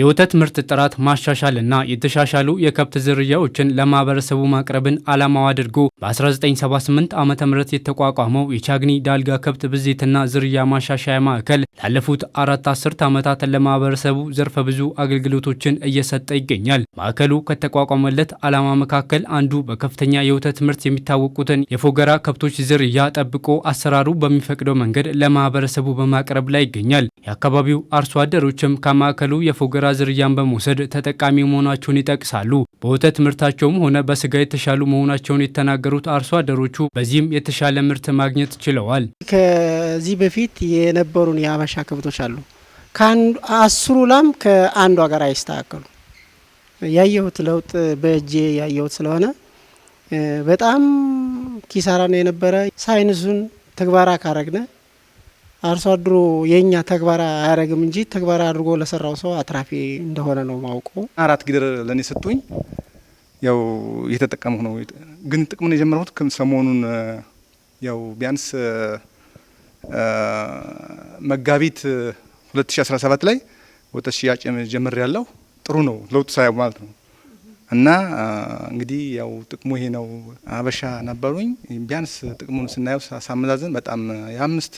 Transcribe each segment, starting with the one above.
የወተት ምርት ጥራት ማሻሻልና የተሻሻሉ የከብት ዝርያዎችን ለማህበረሰቡ ማቅረብን ዓላማው አድርጎ በ1978 ዓ ም የተቋቋመው የቻግኒ ዳልጋ ከብት ብዜትና ዝርያ ማሻሻያ ማዕከል ላለፉት አራት አስርት ዓመታት ለማህበረሰቡ ዘርፈ ብዙ አገልግሎቶችን እየሰጠ ይገኛል። ማዕከሉ ከተቋቋመለት ዓላማ መካከል አንዱ በከፍተኛ የወተት ምርት የሚታወቁትን የፎገራ ከብቶች ዝርያ ጠብቆ አሰራሩ በሚፈቅደው መንገድ ለማህበረሰቡ በማቅረብ ላይ ይገኛል። የአካባቢው አርሶ አደሮችም ከማዕከሉ የፎገ የእንጀራ ዝርያን በመውሰድ ተጠቃሚ መሆናቸውን ይጠቅሳሉ። በወተት ምርታቸውም ሆነ በስጋ የተሻሉ መሆናቸውን የተናገሩት አርሶ አደሮቹ በዚህም የተሻለ ምርት ማግኘት ችለዋል። ከዚህ በፊት የነበሩን የአበሻ ከብቶች አሉ። ከአስሩ ላም ከአንዷ ጋር አይስተካከሉ ያየሁት ለውጥ በእጄ ያየሁት ስለሆነ በጣም ኪሳራ ነው የነበረ። ሳይንሱን ተግባራ ካረግነ አርሶ አድሮ የእኛ ተግባር አያደርግም እንጂ ተግባር አድርጎ ለሰራው ሰው አትራፊ እንደሆነ ነው ማውቀው። አራት ጊደር ለእኔ ሰጡኝ፣ ያው እየተጠቀምኩ ነው። ግን ጥቅሙን የጀመርኩት ሰሞኑን ያው ቢያንስ መጋቢት 2017 ላይ ወጠ ሽያጭ ጀምር ያለው ጥሩ ነው ለውጥ ሳያው ማለት ነው። እና እንግዲህ ያው ጥቅሙ ይሄ ነው። አበሻ ነበሩኝ ቢያንስ ጥቅሙን ስናየው ሳመዛዘን በጣም የአምስት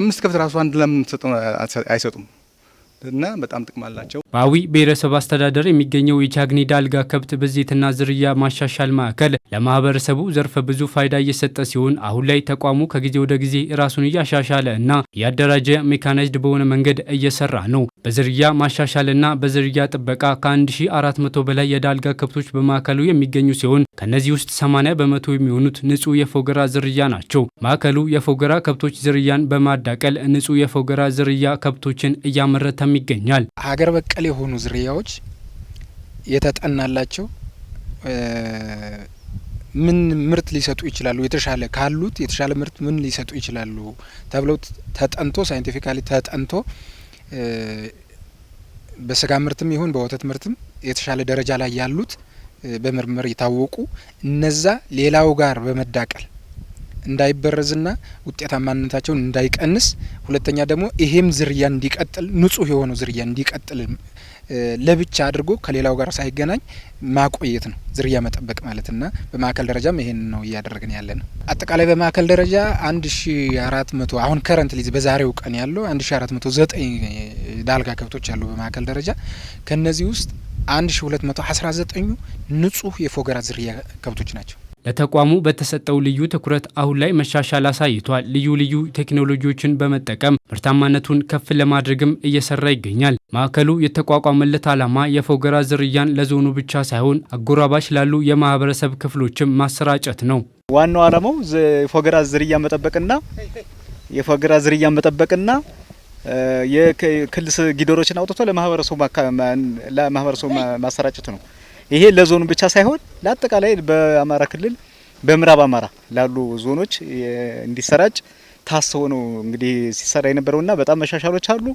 አምስት ከብት ራሱ አንድ ለምን አይሰጡም? እና በጣም ጥቅም አላቸው። በአዊ ብሔረሰብ አስተዳደር የሚገኘው የቻግኒ ዳልጋ ከብት ብዜትና ዝርያ ማሻሻል ማዕከል ለማህበረሰቡ ዘርፈ ብዙ ፋይዳ እየሰጠ ሲሆን አሁን ላይ ተቋሙ ከጊዜ ወደ ጊዜ ራሱን እያሻሻለ እና ያደራጀ ሜካናይዝድ በሆነ መንገድ እየሰራ ነው። በዝርያ ማሻሻልና በዝርያ ጥበቃ ከ1400 በላይ የዳልጋ ከብቶች በማዕከሉ የሚገኙ ሲሆን ከነዚህ ውስጥ 80 በመቶ የሚሆኑት ንጹህ የፎገራ ዝርያ ናቸው። ማዕከሉ የፎገራ ከብቶች ዝርያን በማዳቀል ንጹህ የፎገራ ዝርያ ከብቶችን እያመረተም ይገኛል። ሀገር በቀል የሆኑ ዝርያዎች የተጠናላቸው ምን ምርት ሊሰጡ ይችላሉ፣ የተሻለ ካሉት የተሻለ ምርት ምን ሊሰጡ ይችላሉ ተብለው ተጠንቶ ሳይንቲፊካሊ ተጠንቶ በስጋ ምርትም ይሁን በወተት ምርትም የተሻለ ደረጃ ላይ ያሉት በምርምር የታወቁ እነዛ ሌላው ጋር በመዳቀል እንዳይበረዝና ውጤታማነታቸውን እንዳይቀንስ፣ ሁለተኛ ደግሞ ይሄም ዝርያ እንዲቀጥል ንጹህ የሆነው ዝርያ እንዲቀጥል ለብቻ አድርጎ ከሌላው ጋር ሳይገናኝ ማቆየት ነው ዝርያ መጠበቅ ማለትና በማዕከል ደረጃም ይሄን ነው እያደረግን ያለ ነው። አጠቃላይ በማዕከል ደረጃ አንድ ሺ አራት መቶ አሁን ከረንት ሊዝ በዛሬው ቀን ያለው አንድ ሺ አራት መቶ ዘጠኝ ዳልጋ ከብቶች አሉ በማዕከል ደረጃ ከነዚህ ውስጥ 1219ኙ ንጹህ የፎገራ ዝርያ ከብቶች ናቸው። ለተቋሙ በተሰጠው ልዩ ትኩረት አሁን ላይ መሻሻል አሳይቷል። ልዩ ልዩ ቴክኖሎጂዎችን በመጠቀም ምርታማነቱን ከፍ ለማድረግም እየሰራ ይገኛል። ማዕከሉ የተቋቋመለት ዓላማ የፎገራ ዝርያን ለዞኑ ብቻ ሳይሆን አጎራባች ላሉ የማህበረሰብ ክፍሎችም ማሰራጨት ነው። ዋናው ዓላማው የፎገራ ዝርያ መጠበቅና የፎገራ ዝርያ መጠበቅና የክልስ ጊደሮችን አውጥቶ ለማህበረሰቡ ለማህበረሰቡ ማሰራጨት ነው። ይሄ ለዞኑ ብቻ ሳይሆን ለአጠቃላይ በአማራ ክልል በምዕራብ አማራ ላሉ ዞኖች እንዲሰራጭ ታስቦ ነው እንግዲህ ሲሰራ የነበረውና በጣም መሻሻሎች አሉ።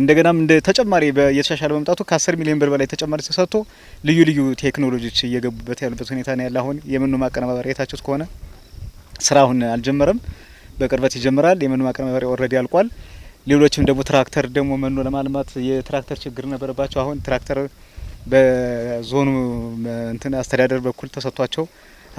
እንደገናም እንደ ተጨማሪ የተሻሻለ መምጣቱ ከ10 ሚሊዮን ብር በላይ ተጨማሪ ተሰጥቶ ልዩ ልዩ ቴክኖሎጂዎች እየገቡበት ያሉበት ሁኔታ ነው ያለ። አሁን የመኖ ማቀነባበሪያ የታችሁት ከሆነ ስራ አሁን አልጀመረም፣ በቅርበት ይጀምራል። የመኖ ማቀነባበሪያ ኦልሬዲ አልቋል። ሌሎችም ደግሞ ትራክተር ደግሞ መኖ ለማልማት የትራክተር ችግር ነበረባቸው። አሁን ትራክተር በዞኑ እንትን አስተዳደር በኩል ተሰጥቷቸው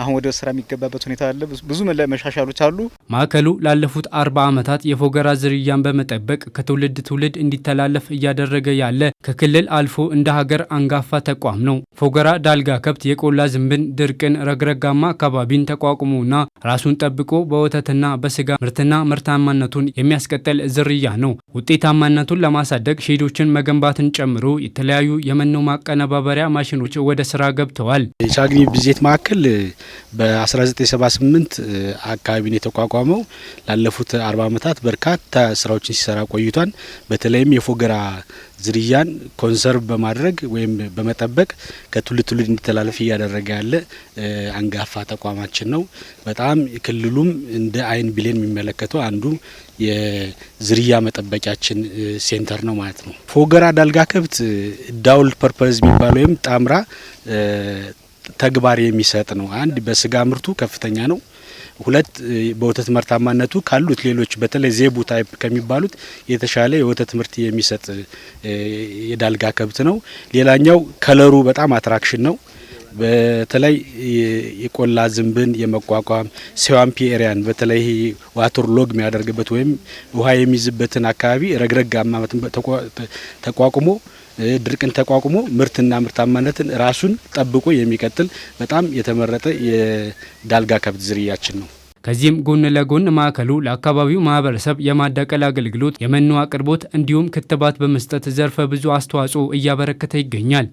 አሁን ወደ ስራ የሚገባበት ሁኔታ አለ። ብዙ መሻሻሎች አሉ። ማዕከሉ ላለፉት አርባ ዓመታት የፎገራ ዝርያን በመጠበቅ ከትውልድ ትውልድ እንዲተላለፍ እያደረገ ያለ ከክልል አልፎ እንደ ሀገር አንጋፋ ተቋም ነው። ፎገራ ዳልጋ ከብት የቆላ ዝንብን፣ ድርቅን፣ ረግረጋማ አካባቢን ተቋቁሞና ራሱን ጠብቆ በወተትና በስጋ ምርትና ምርታማነቱን የሚያስቀጥል ዝርያ ነው። ውጤታማነቱን ለማሳደግ ሼዶችን መገንባትን ጨምሮ የተለያዩ የመኖ ማቀነባበሪያ ማሽኖች ወደ ስራ ገብተዋል። የቻግኒ ብዜት ማዕከል በ1978 አካባቢን የተቋቋመው ላለፉት አርባ ዓመታት በርካታ ስራዎችን ሲሰራ ቆይቷል። በተለይም የፎገራ ዝርያን ኮንሰርቭ በማድረግ ወይም በመጠበቅ ከትውልድ ትውልድ እንዲተላለፍ እያደረገ ያለ አንጋፋ ተቋማችን ነው። በጣም ክልሉም እንደ አይን ብሌን የሚመለከተው አንዱ የዝርያ መጠበቂያችን ሴንተር ነው ማለት ነው። ፎገራ ዳልጋ ከብት ዳውል ፐርፐዝ የሚባል ወይም ጣምራ ተግባር የሚሰጥ ነው። አንድ በስጋ ምርቱ ከፍተኛ ነው። ሁለት በወተት ምርታማነቱ ካሉት ሌሎች በተለይ ዜቡ ታይፕ ከሚባሉት የተሻለ የወተት ምርት የሚሰጥ የዳልጋ ከብት ነው። ሌላኛው ከለሩ በጣም አትራክሽን ነው። በተለይ የቆላ ዝንብን የመቋቋም ሴዋምፒ ኤሪያን በተለይ ዋተር ሎግ የሚያደርግበት ወይም ውሃ የሚይዝበትን አካባቢ ረግረጋማ ተቋቁሞ ድርቅን ተቋቁሞ ምርትና ምርታማነትን ራሱን ጠብቆ የሚቀጥል በጣም የተመረጠ የዳልጋ ከብት ዝርያችን ነው። ከዚህም ጎን ለጎን ማዕከሉ ለአካባቢው ማህበረሰብ የማዳቀል አገልግሎት፣ የመኖ አቅርቦት እንዲሁም ክትባት በመስጠት ዘርፈ ብዙ አስተዋጽኦ እያበረከተ ይገኛል።